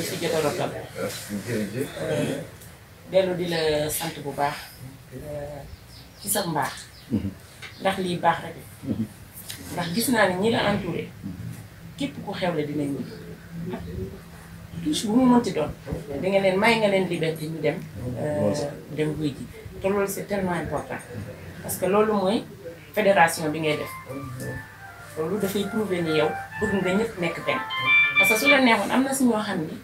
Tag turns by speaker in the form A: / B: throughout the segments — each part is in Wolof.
A: lu si jot a rotal
B: dellu di la sant bu baax ci sa mbaax ndax lii baax rek ndax gis naa ne ñi la entouré képp ku xewle dina ñëw touche bu mu mënti doon da leen may nga leen liberté ñu dem euh, dem guy ji te loolu c'est tellement important parce que loolu mooy fédération bi ngay def loolu dafay prouver yow bëgg nga ñëpp nekk benn parce su la neexoon am na si ñoo xam ni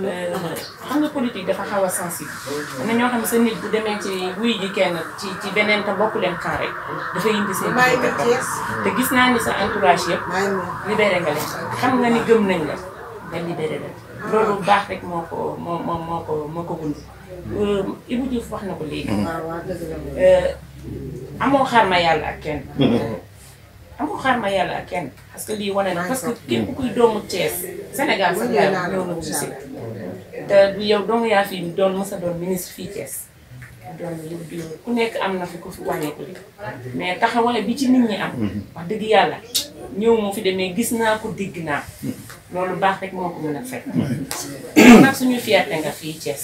B: xam nga politique dafa xaw a sensible am na ñoo xam sa nit bu demee ci wuy ji kenn ci ci beneen te bokk leen kan rek dafay indi gis naa ni sa entourage yëpp libéré nga leen xam nga ni gëm nañ la nga libéré la loolu baax rek moo ko moo moo ko moo ko gund euh, Ibou Diouf wax na ko léegi euh, amoo xarma yàlla ak kenn amul xaar ma yàlla ak kenn parce que lii wane na parce que képp kuy doomu Thiès Sénégal sax yaa ñëw bu yow ministre fii Thiès ku nekk am na fi ku fi wàññeeku li mais taxawale bi ci nit ñi am mhm. wax dëgg yàlla ñëw moo fi demee gis naa ko dégg naa mhm. loolu baax rek moo ko mën a fekk mhm. nag suñu fierté nga fii Thiès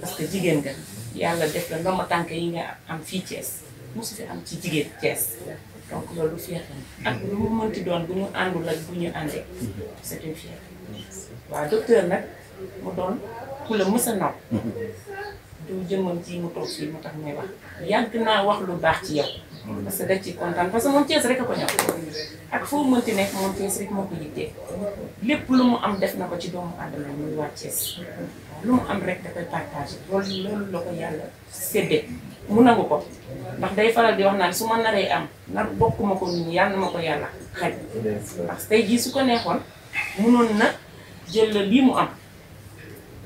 B: parce jigéen nga yàlla def la ndomba tànk yi nga am fii Thiès mosu fi am ci jigéen Thiès donc loolu fierté ak lu mu mënti doon bu ñu àndul ak bu ñu àndee c'est une waa waaw docteur nag mu doon ku la mës a naw du jëmmam ci mu toog fii mu tax may wax yàgg naa wax lu baax ci yow parce que da ci kontaan parce que moom Thiès rek a ko ñor ak foo mënti nekk moom Thiès rek moo ko lépp lu mu am def na ko ci doomu àddama muy waa Thiès lu mu am rek da koy partagé loolu loolu la ko yàlla séddee mu nangu ko ndax day faral di wax naa naan su ma naree am nar bokkuma ma ko nii yàlla ma ko yàlla xaj ndax tey jii su ko neexoon munoon na jël la lii mu am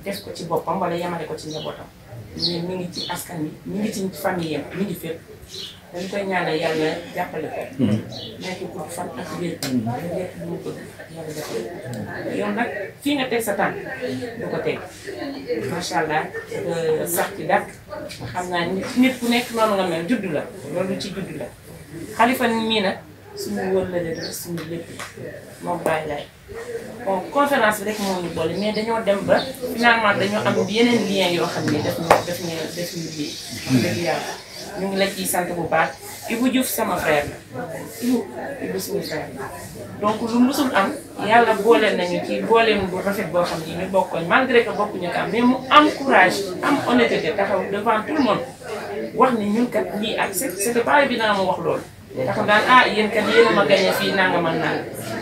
B: def ko ci boppam wala yamale ko ci njabootam mais mi ngi ci askan wi mu ngi ci famille am mi ngi fépp dañ koy ñaanal yàlla jàppale ko. Hmm. nekk ku fan ak wér. lépp lu mu bëgg yàlla defal yow fii nga teg sa tànk du ko teg macha allah euh, sax ci dàq xam naa nit ku nekk noonu nga mel juddu la loolu ci juddu la xalifa mii nag suñu wëllële la suñu lépp moom moo ñu boole mais dañoo dem ba finalement dañoo am yeneen lien yoo xam ne daf ñu daf ñu daf ñu lii. yàlla. ñu ngi la ciy sant bu baax Ibou Diouf sama frère la Ibou Ibou suñu frère la donc lu musul am yàlla booleel nañu ci booleem bu rafet boo xam ni ñu bokkoon malgré que bokkuñu ko am mais mu am courage am honnêteté taxaw devant tout le monde wax ni ñun kat lii ak c'est c'est bi évident mu wax loolu. taxaw daan ah yéen kat yéen ma gagné fii nangam ak nangam.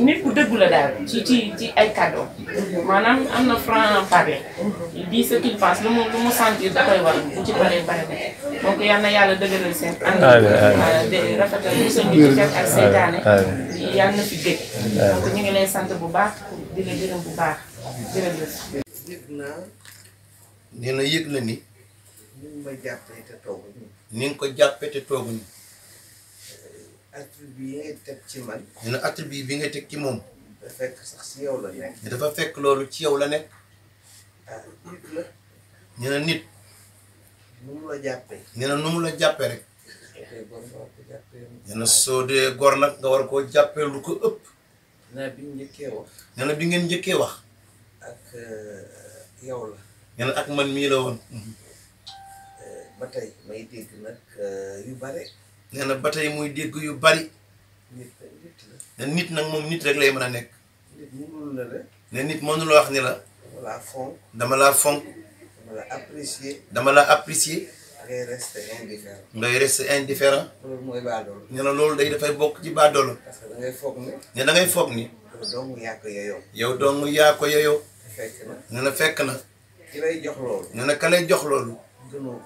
B: nit ku dëggu la daal su ci ci ay cadeau maanaam am na franc parler il dit ce qu'il pense lu mu lu mu da koy war bu ci paree pare ko donc yal na yàlla dëgëral seen ànd euh, de rafetal musal ñu ci cat ak seytaane yal na fi dëgg donc ngi lay sant bu baax di la bu baax
A: jërëjëf yëg naa nee na yëg na ni ni nga ma jàppee te tooguñu ni ko jàppee te attribut bi ngay teg ci man. ñu ne attribut bi ngay teg ci moom. dafa fekk sax ci yow la nekk. dafa fekk loolu ci yow la nekk. Ah, nit ñu ne nit. nu mu la jàppee. ñu nu mu la jàppee rek. ñu soo dee gor nag nga war koo jàppee lu ko ëpp. ñu ne bi njëkkee wax. ñu bi ngeen njëkkee wax. ak euh, yow la. ñu ak man mii la woon. Euh, ba tey may dégg nag euh, yu bare. nee na ba tey muy dégg yu bari ne nit nag moom nit rek lay mën a nekk ne nit mënula wax ni la dama laa fonk dama laa apprécier ngay rester indifférent. ngay rester indifférent. loolu mooy ñu ne loolu day dafay bokk ci baadoolo. parce que da ngay foog ni. ne da ngay foog ni. yow dong yaa ko yeyoo. yow dong yaa ko yeyoo. fekk na fekk na. ki lay jox loolu. ñu ne ka jox loolu. gënuloo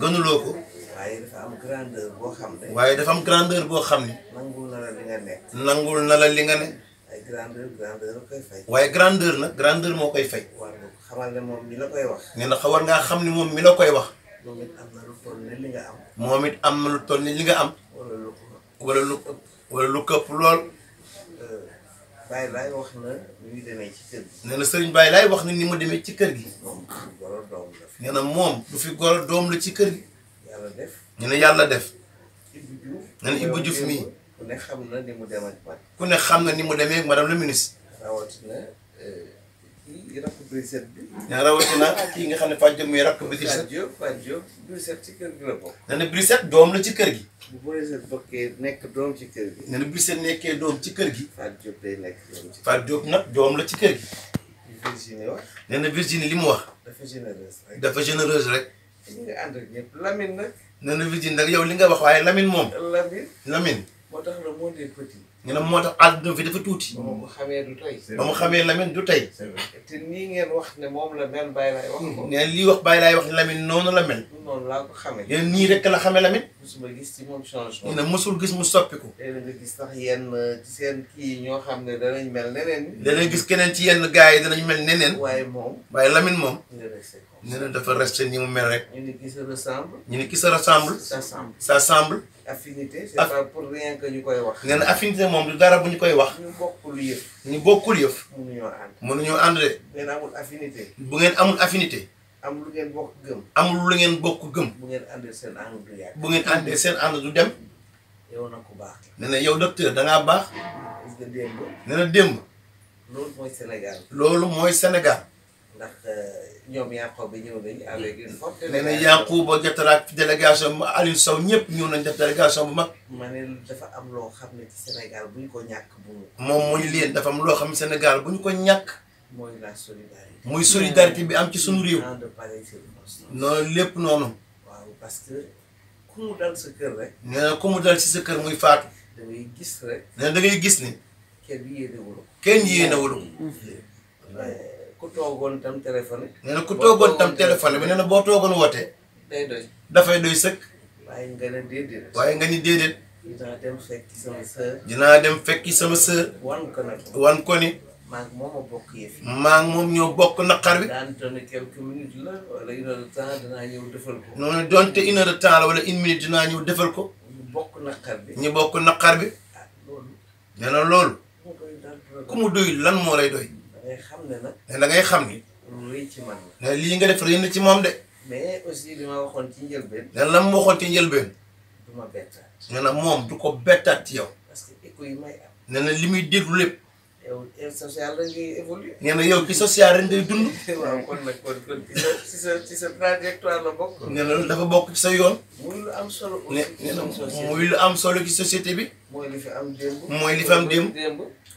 A: gënuloo ko. waaye dafa am grandeur boo xam ne. waaye dafa am grandeur boo xam ne. nangul na la li nga nekk. nangul na la li nga ne. ay grandeur grandeur fay. waaye grandeur nag grandeur moo koy fay. war nga xamal ne moom la koy wax. nee na xawar ngaa xam ne moom mi la koy wax. moom am lu toll ni li nga am. moom it am na lu toll ni li nga am. wala lu wala lu wala lu këpp lool. Euh, Baye laay wax na ni mu demee ci kër gi. nee laay wax na ni mu demee ci kër gi. moom moom du fi goro doom la ci kër gi. yàlla def. ñu yàlla def. Ibou Diouf ñu ne Ibou Diouf mii. ku ne xam na ni mu demee ak man. na ni mu demee madame la ministre. rawatina eh, kii rakk Brisette bi. nga xam ne Fatou Diop muy rakk Brisette. Fatou Diop Fatou kër gi la bokk. ñu ne Brisette doom la ci kër gi. bu Brisette bokkee nekk doom ci kër gi. ñu ne Brisette nekkee doom ci kër gi. Fatou Diop nekk doom ci kër gi. Fatou nag doom la ci kër gi. Virginie Virginie li mu wax. dafa généreuse rek. dafa généreuse rek. ñi nga ànd ak ñëpp Lamine nag. na Virgile nag yow li nga wax waaye lamin moom. Lamine Lamine. moo tax la moo dee petit. moo tax àdduna fi dafa tuuti. ba mu xamee du tey. ba mu xamee Lamine du tey. te nii ngeen wax ne moom la mel Baye laay wax ko. lii wax Baye laay wax Lamine noonu la mel. noonu laa ko xamee. yéen nii rek la xamee Lamine. mosuma gis ci moom changement. ñu ne mosul gis mu soppiku. léeg nga gis sax yenn ci seen kii ñoo xam ne danañ mel neneen. danañ gis keneen ci yenn gars yi danañ mel neneen. waaye moom waaye Lamine moom. ñu ne dafa resté ni mu mel rek. ñu ne qui se ressemble. ñu ne qui se ressemble. ça semble. affinité c'est pas pour rien que ñu koy wax. nee na affinité moom du dara bu ñu koy wax. ñu bokkul yëf. ñu bokkul yëf. mënuñoo ànd. mënuñoo ànd de. ngeen amul affinité. bu ngeen amul affinité. am lu ngeen bokk gëm. am lu ngeen bokk gëm. bu ngeen àndee seen ànd du yàgg. bu ngeen àndee seen ànd du dem. yow nag ku baax. nee na yow docteur da ngaa baax. est-ce que démb. nee na démb. loolu mooy Sénégal. loolu mooy Sénégal. ndax euh, ñoom Yacoub bi ñëw nañu avec une forte délégation nee na Yacoub ba Sow ñëpp ñëw nañ def délégation bu mag. ma dafa am loo xam ne ci bu ñu ko ñàkk moom mooy leen dafa am loo xam ne Sénégal bu ñu ko ñàkk. mooy la muy solidarité bi am ci suñu réew. noonu lépp noonu. waaw parce que ku mu dal sa kër rek. sa kër muy faatu. da ngay gis rek. gis ni. kenn yéenewul ko. kenn yéenewul ku toogoon tam téléphoné. nee na ku toogoon tam téléphoné bi nee na boo toogoon wootee. day doy dafay doy sëkk. waaye nga ne déedéet. waaye nga ni déedéet. dinaa dem fekki sama sœur. wan ko ni. maa ngi moom bokk yëf yi. maa ngi ñoo bokk naqar wi. daanaka ne quelques la wala une heure de temps dinaa noonu donte une heure de temps la wala une minute dinaa ñëw defal ko. ñu bokk naqar bi. ñu bokk naqar bi. Ah, na loolu. ku mu doy lan moo lay doy. ngay xam ne nag. ne ngay xam ni. ci man la. lii nga def rëy ci moom de. mais aussi li ma waxoon ci njëlbeen. ne la mu waxoon ci njëlbeen. ma bettaat. ne moom du ko bettaat ci yow. parce que écho ne na li muy déglu lépp. yow social rek ngay yow ci social rek ngay dund. waaw kon nag kon kon sa ci sa trajectoire la bokk. nee dafa bokk sa yoon. muy lu am solo. lu am solo ci société bi. mooy fi am démb. mooy li fi am démb.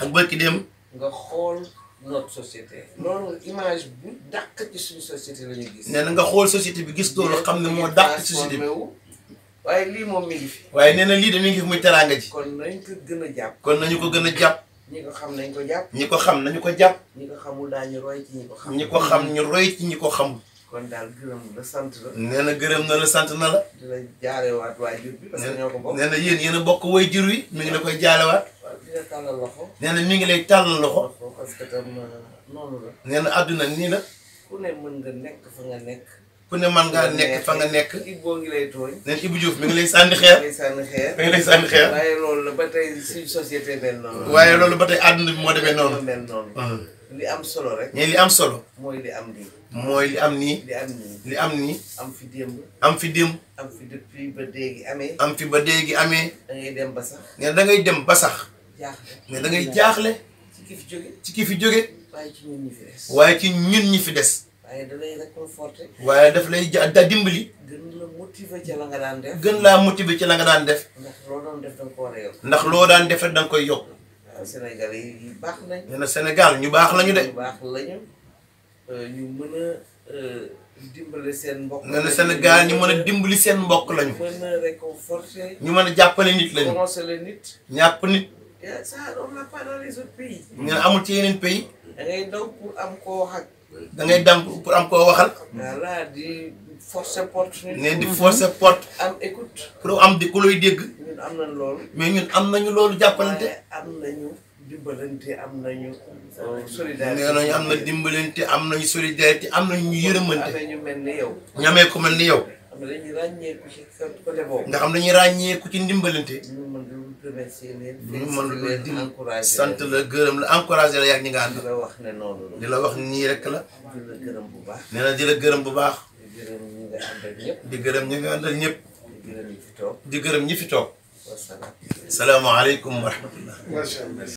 A: ak bërki démb. nga xool notre société loolu image bu dàq suñu société la nee na nga xool société bi gis loolu xam ne moo dàq ci société bi waaye lii moom mi ngi fi. waaye nee na lii de mi ngi fi muy teraanga ji. kon ko gën a jàpp. kon nañu ko gën a jàpp. ñi ko xam nañ ko jàpp. ñi ko xam nañu ko jàpp. ñi xamul daañu roy ci ñi ko xam. ñi ko xam ñu roy ñi ko xamul. kon daal gërëm sant la. nee na gërëm na la sant na la. di la jaarewaat waajur bi. parce ñoo ko bokk nee na yéen a bokk waajur wi mi ngi la koy jaarewaat. waaw di la tàllal loxo. nee na ngi lay tàllal loxo. parce que tam euh, noonu la. na àdduna nii la. nekk fa nga nekk. ku ne man ngaa nekk fa nga nekk. Ibou ngi lay tooñ. neen mi ngi lay sànni xeer. mi ngi la ba tey suñ société mel noonu. waaye loolu ba tey àdduna bi moo demee noonu. moo mel ah. li am solo rek. mais li am solo. mooy li am nii. li am nii. li am li am nii. am fi démb. am fi démb. am fi ba déegi amee. am fi ba déegi amee. da ngay dem ba sax. ne dangay dem ba sax. jaaxle ne jaaxle. ki fi jóge ci ki fi jóge waaye ci ñun ñi fi des. waaye ci ñun ñi fi des. waaye da lay réconforté. waaye daf lay ja da dimbali. gën la motiver ci la nga daan def. gën laa motiver ci la nga daan def. ndax loo daan def da a yokk. ndax loo daan def rek koy yokk. waaw Sénégal yi baax
B: nañ. nee na ñu baax
A: lañu de. ñu baax euh, ñu mën a euh, dimbali seen mbokk. nee na ñu mën a dimbali seen mbokk lañu. mën a ñu mën a jàppale nit lañu. ñàpp nit. ça n'a pas dans les amul ci yeneen pays. daw am koo da ngay daw pour am koo waxal. voilà di forcer porte. ne di forcer porte. am écoute. pour am di ku lay dégg. am nañ loolu. mais ñun am nañu loolu jàppalante. am nañu dimbalante am nañu. solidarité nee nañu am na dimbalante am nañu solidarité am nañu yërëmante. am na ñu mel ni yow. ñamee ko mel ni yow. xam ne dañuy ràññeeku ci côté boobu. nga xam dañuy ràññeeku ci ndimbalante. ñu mën lu remercier leen. ñu mën leen di sant la gërëm la encouragé la yaa ñi nga ànd. di la wax ne noonu la. la wax nii rek la. di bu baax. nee na di la gërëm bu baax. di gërëm ñi nga àndal ñëpp. di gërëm ñi nga ñëpp. di gërëm fi toog. di gërëm ñi fi toog. salaamaaleykum wa